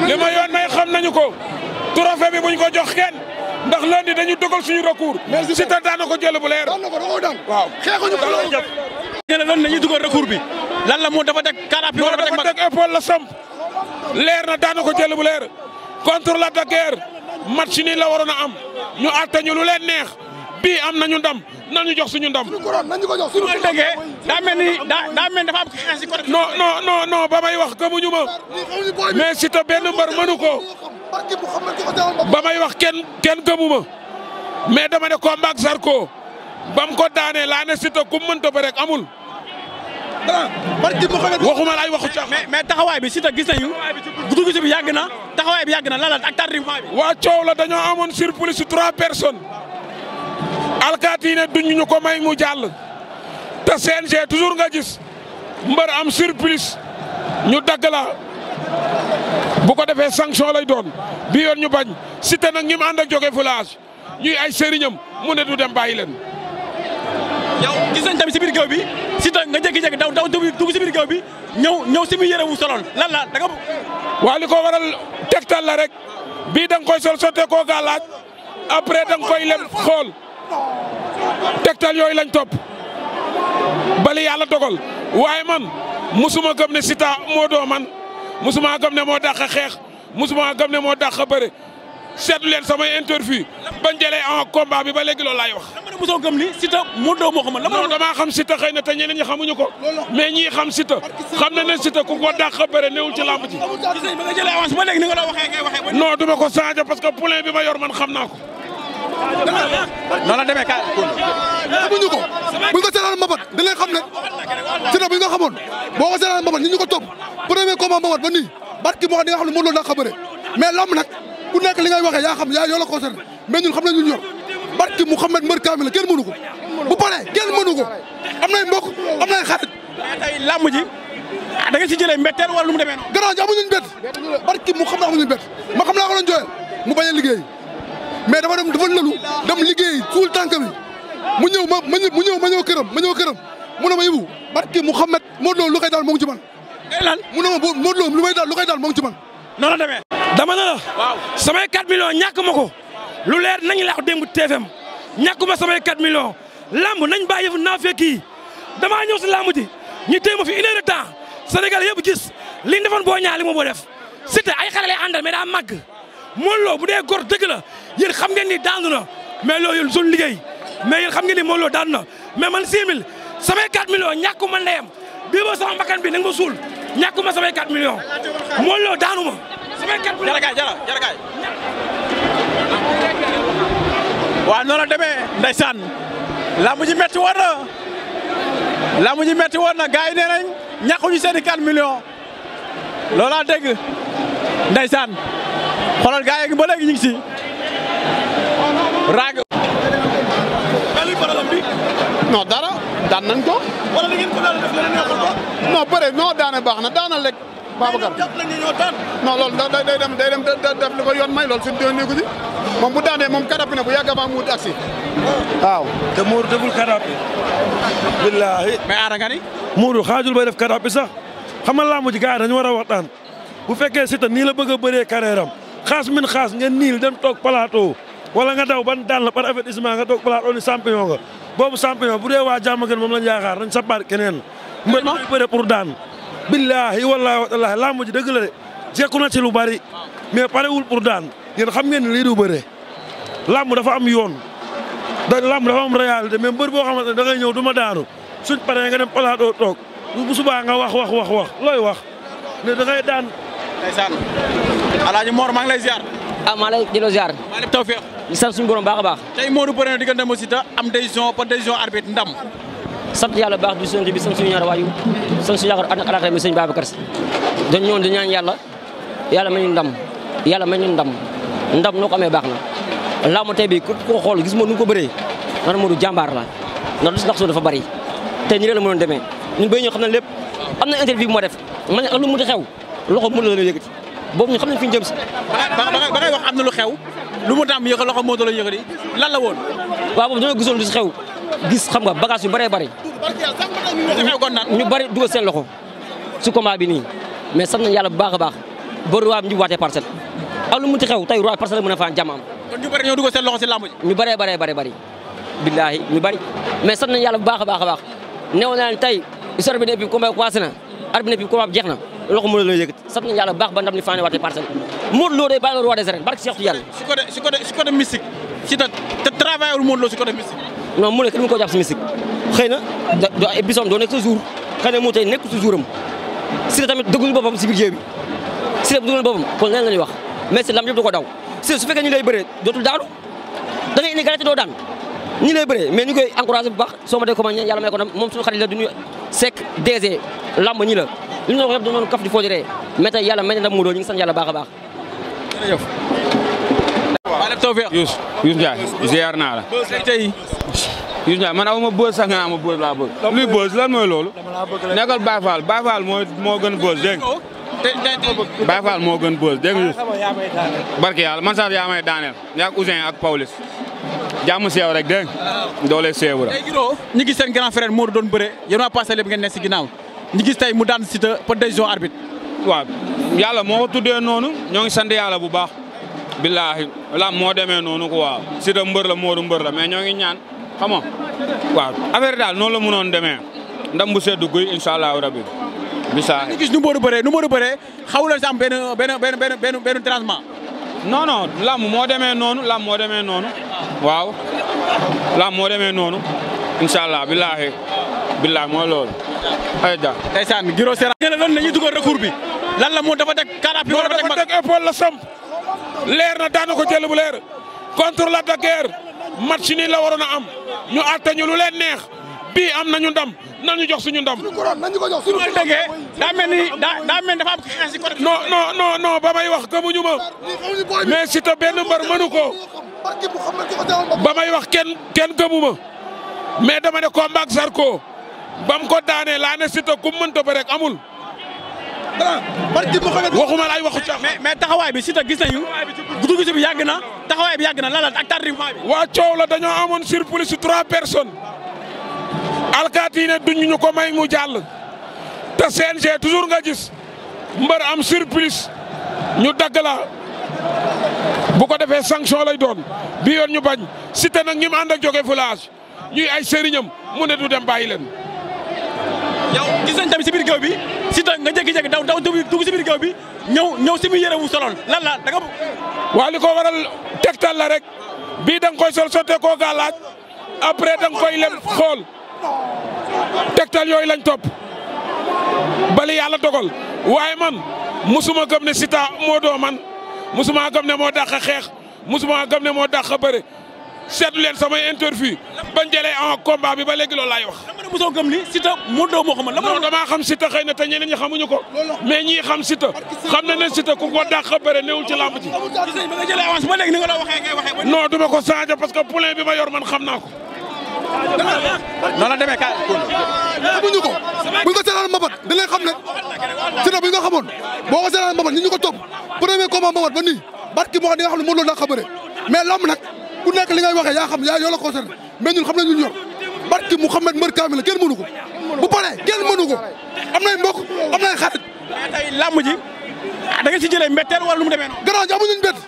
li ma yoon may xam nañu ko trophée bi buñ ko jox kenn ndax lundi dañu dogal suñu recours. merci si daan na ko jël bu leer. waaw xeexuñu ko loolu jëpp. nga ne lundi dañuy dugal recours bi lan la moom dafa teg carapé wala dafa teg épaule la sam leer na daan ko jël bu leer contre la Daguerre match ni la waroon a am ñu àtte ñu lu leen neex. bii am nañu ndam nañu jox suñu ndam. suñu couronne nañu ko jox suñu couronne mooy suñu daa mel ni daa mel dafa am xeex si côté. non non ba may wax gëmuñu ma mais si te benn mbër mënu ko ba may wax kenn kenn gëmu ma mais dama ne combat ak Zarko bam ko daane laa ne si te ku mënta rek amul. waxuma ay waxu caaxaan mais mais taxawaay bi Siteu gis nañu guddu gis bi yàgg na taxawaay bi yàgg na lan la ak waa coow la dañoo amoon surplus trois personnes alkaati yi ne duñu ñu ko may mu jàll te CNG toujours nga gis mbër am surplus ñu dagg la bu ko defee sanction lay doon bi yoon ñu bañ Siteu nag ñi mu ànd ak jóge village ñuy ay sëriñam mu ne du dem bàyyi leen. yow gis nañ tamit si biir géew bi Siteu nga jékki-jékki daw daw dugg si biir géew bi ñëw ñëw si muy yére wu soloon lan la da nga. li ko waral tegtal rek bii da koy sol sottee koo gaa laaj après da koy lem xool. tegtal yooyu lañ topp bali la dogal waaye man musuma gëm ne Siteu moo doo man musuma gëm ne moo dàq xeex musuma gëm ne moo dàq bëre seetlu leen samay interview bañ jëlee en combat bi ba léegi loolu laay dama xam Siteu xëy na te ñeneen ñi xamuñu ko. mais ñii xam Siteu xam na ne Siteu ku ko dàq bëre newul ci làmb ji. gis duma ko changer parce que bi ma yor man xam naa ko. noonu la demee kaay xamuñu ko buñ ko seetaan mbabat da ngay xam ne Siteu buñ ko xamoon boo ko seetaan mbabat ñu ñu ko topp premier combat mbabat ba nii barki moo xam ne nga xam ne mënuloo naa xamare mais lamb nag ku nekk li ngay waxee yaa xam yaa yoo la concerné mais ñun xam nañ ñun yor barki Mouhamed Mbër Kamil la kenn mënu ko bu paree kenn mënu ko am nay mbokk am nay xarit tey lamb ji ah, da nga ci jëlee mbetteel wala lu mu demee noonu garaaw ji amuñu bett barki mu xam naa amuñu bett mu bañ a liggéey mais dafa dem dafa lëlu dem liggéey suul tànk bi mu ñëw ma ñëw ma ñëw këram ma ñëw këram mu ne ma yóbbu barki Mouhamed Modou Lo lu koy moo ngi ci man. lan mu ne ma boobu Modou Lo lu may daal lu koy daal moo ngi ci man. noonu la demee. dama ne samay 4 millions ñàkk ma ko. lu leer nañ laa ko démb TFM ñàkk ma samay 4 millions. lamb nañ bàyyi yëfu naa fekk kii dama ñëw si lamb ji ñu téye ma fi une heure de temps Sénégal yëpp gis li ñu defoon boo ñaar li ma boo def. Siteu ay xale lay àndal daa màgg Modou loo bu dee góor dëgg yéen xam ngeen ni daanu na mais loolu suñu liggéey mais yéen xam ngeen ni Modou Lo daanu na mais man 6 000 samay 4 millions ñàkkuma ndeyam bii ba sama bakkan bi na nga ma suul ñàkkuma samay 4 millions Modou Lo daanu ma. samay 4 millions jarakaay jara la demee ndeysaan laa mu ji metti woon na laa mu ji metti woon na gars yi nee nañ ñàkkuñu seen i 4 millions loolaa dégg ndeysaan xoolal gars yi ba ñu ngi si. raaga. mais dara daan nañ ko. wala da ngeen ko daal def nga bëre non daane baax na daanal rek. Babacar mais jàpp nañ ne ñoo daan. da day dem day dem def li ko yoon may loolu suñu doon néegu ji moom bu daanee moom kadapi na bu yàgg avant mu wut agsi te Mourou deful kadapi. billaahi. mais aada nga ni. Mourou xaajul bay def kadapi sax xam nga làmb ji gars yi dañu war a waxtaan bu fekkee Siteu nii la bëgga a bëree carrière am xaas min xaas nga niil dem toog plateau wala nga daw ban dal la par avertissement nga tok palaat on champion nga bobu champion bu de wa jam gën mom lañ yaakaar dañ bar keneen mo ñu pere pour dan billahi wallahi wa taalaahi làmb ji deug la de jekku na ci lu bari mais wul pour dan yéen xam ngeen li du beure làmb dafa am yoon da làmb dafa am réalité mais mbër boo xamante da ngay ñew duma ma suñ paree nga dem do tok bu suba nga wax wax wax wax loy wax ne da ngay daan ndeysaan alaaji Mor ma ngi lay ziar ah ma lay jëloo ziar maa lépp di sant suñu borom baax baax. tay Modou Preneur diggante aussi ta am décision par décision arbitre ndam. sant yalla baax di sant bi sant suñu ñaar wayu sant suñu yaakaar àdduna alaaka mi sëñ Babacar Si dañ ñëwoon di ñaan yalla yalla mañu ndam yalla mañu ndam ndam noo ko amee baax na. lamu tay bi ko xol gis mo nu ko bëree nan Modou jambar la ndax ndax so dafa bari tay nii la mënoon demee ñun béy ñoo xam ne lépp interview mo def man lu mu di xew loxo mu la la yëkkati boobu ñu xamna fiñu jëm ci ba ba ba ngay wax amna lu xew. lu mu tàmm yëkkal loxo Modou Lo la yëkkati lan la woon. waaw boobu dañoo gisoon lu si xew gis xam nga bagage yu bëree bëri. ñu bëri dugal seen loxo si combat bi nii mais sant nañu yàlla bu baax a baax ba roi bi ñu waatee parcelle ak lu mu ti xew tey roi parcelle mën a faan jàmm am. kon ñu seen loxo si làmb ji. ñu bëree bëree bëri bëri billaahi ñu bëri mais sant nañu yàlla bu baax a baax a baax neewoon naa leen tey histoire bi depuis combat bi commencé na arbitre bi depuis combat jeex na loxo Modou Lo la yëkkati sant nañu yàlla bu baax ba ndam li faa ne waatee parcelle Modou Lo day bàyyi la roi des arènes barke Cheikh Tidiane si côté si côté si côté mystique si non mu ne kenn mu ko jàpp si mystique xëy na bisom doo nekk na mu tey nekk sa jouram si la tamit dëggul boppam si biir géew bi si la boppam kon leen la ñuy wax mais lam yëpp da ko daw si fekkee ñu lay bëree dootul daanu da ngay doo daan ñi lay bëree mais ñu koy encouragé bu baax soo ma dee ko ma yàlla may moom suñu xarit la du ñu sekk DG lamb la li ñu doon wax yëpp kaf di fooji ree mais tey yàlla may na ndam mu doo baax a baax jërëjëf waaw tawfeex Youssou naa la tey Youssou Ndiaye man aw ma bës sax nga naa ma bës laa bëgg luy bës lan mooy moo gën bës dégg nga moo gën bës dégg ah, yàlla man sax yaa may daaneel ak Paulis jaamu si yow rek dégg doole séebu la. tey Giro ñu gis seen grand frère Modou doon bëre yéen waa passé lépp ngeen ne si ginnaaw ñu tey mu daan si te par décision arbitre. yàlla moo ko tuddee noonu ñoo ngi sant yàlla bu baax. billaahi lam moo demee noonu quoi si te mbër la Modou mbër la mais ñoo ngi ñaan xam nga waaw affaire daal noonu la mënoon demee ndam bu seddu guy incha allahu rabi. bisimilah ñu gis nu Modou bëree nu Modou bëree xaw leen si am benn benn benn benn benn non moo demee noonu lam moo demee noonu waaw lam moo demee noonu incha allah billaahi billaahi moo loolu. ay da ndeysaan Guiro Seras. nee na loolu dañuy dugal recours bi lan la moo dafa teg karaap bi. dafa teg mag épaule la sam leer na daan ko jël bu leer contre la Daguerre match nii la waroon a am ñu àtte ñu lu leen neex bi am nañu ndam nañu jox suñu ndam. nañu ko jox suñu ndam daa mel ni daa mel dafa am xeex si côté. non non ba may wax gëmuñu ma mais si te benn mbër mënu ko. ba may wax kenn kenn gëmuma dama ne combat ak Zarko bam ko daanee laa ne Siteu ku mënta ba rek amul. waxuma la ay waxu caaxaan. mais taxawaay bi Siteu gis nañu. guddi bi yàgg na taxawaay bi yàgg na lan ak tardivement bi. waa coow la dañoo amoon surplus su trois personnes. alkaati yi ne duñ ñu ko may mu jàll. te CNG toujours nga gis mbër am surplus ñu dagg bu ko defee sanction lay doon bi yoon ñu bañ Siteu nag ñi mu ànd ak jóge village ñuy ay sëriñam mu ne du dem bàyyi leen. yow gis nañ tamit si biir géew bi Siteu nga jékki-jékki daw daw dugg si biir géew bi ñëw ñëw si muy wu soloon lan la da nga. waa li ko waral tegtal la rek bii da koy sol sottee koo gaa laaj après da nga koy lem xool tegtal yooyu lañ topp bali yàlla dogal waaye man musuma gëm ne Siteu moo doo man. musuma gëm ne mo dakh xex musuma gëm ne mo dakh bëre sétu leen sama interview bañ jëlee en combat bi ba légui loolu lay wax. dama ne mosoo gëm ni Siteu moo doo moo xamal. dama xam Siteu xeyna te ñeneen ñi xamuñu ko. mais ñii xam Siteu xam na ne Siteu ku ko dàq bëre newul ci làmb ji. ba nga jëlee avance ba léegi ni nga doon waxee ngay waxee. non du ko changer parce que poulain bi ma yor man xam naa ko. noonu la demee kaay xamuñu ko mu ñu ko seetaan mbabat dañ leen xam ne Siteu bu ñu ko xamoon boo ko seetaan mbabat ñu ñu ko topp premier combat mbabat ba nii barki moo xam nga xam ne mënuloo naa xabaree mais lamb nag ku nekk li ngay waxee yaa xam yaa yoo la concerné mais ñun xam nañ ñu yor barki Mouhamed mbër kaamil la kenn mënu ko bu paree ko am nay mbokk am nay xarit tey lamb ji ah, da nga ci jëlee mbetteel wala lu mu demee noonu garant ji amuñu bett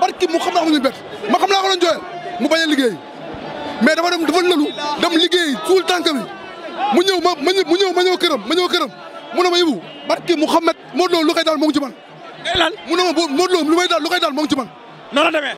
barki mu xam na amuñu bett ma xam laa ko doon a liggéey mu ñëw ma ma mu ñëw ma ñëw këram ma ñëw këram mu ne ma yóbbu barke Mouhamed Modou Lo lu koy daal moo ngi ci mu ne ma Modou lu may daal lu koy daal moo ngi ci man. noonu la demee.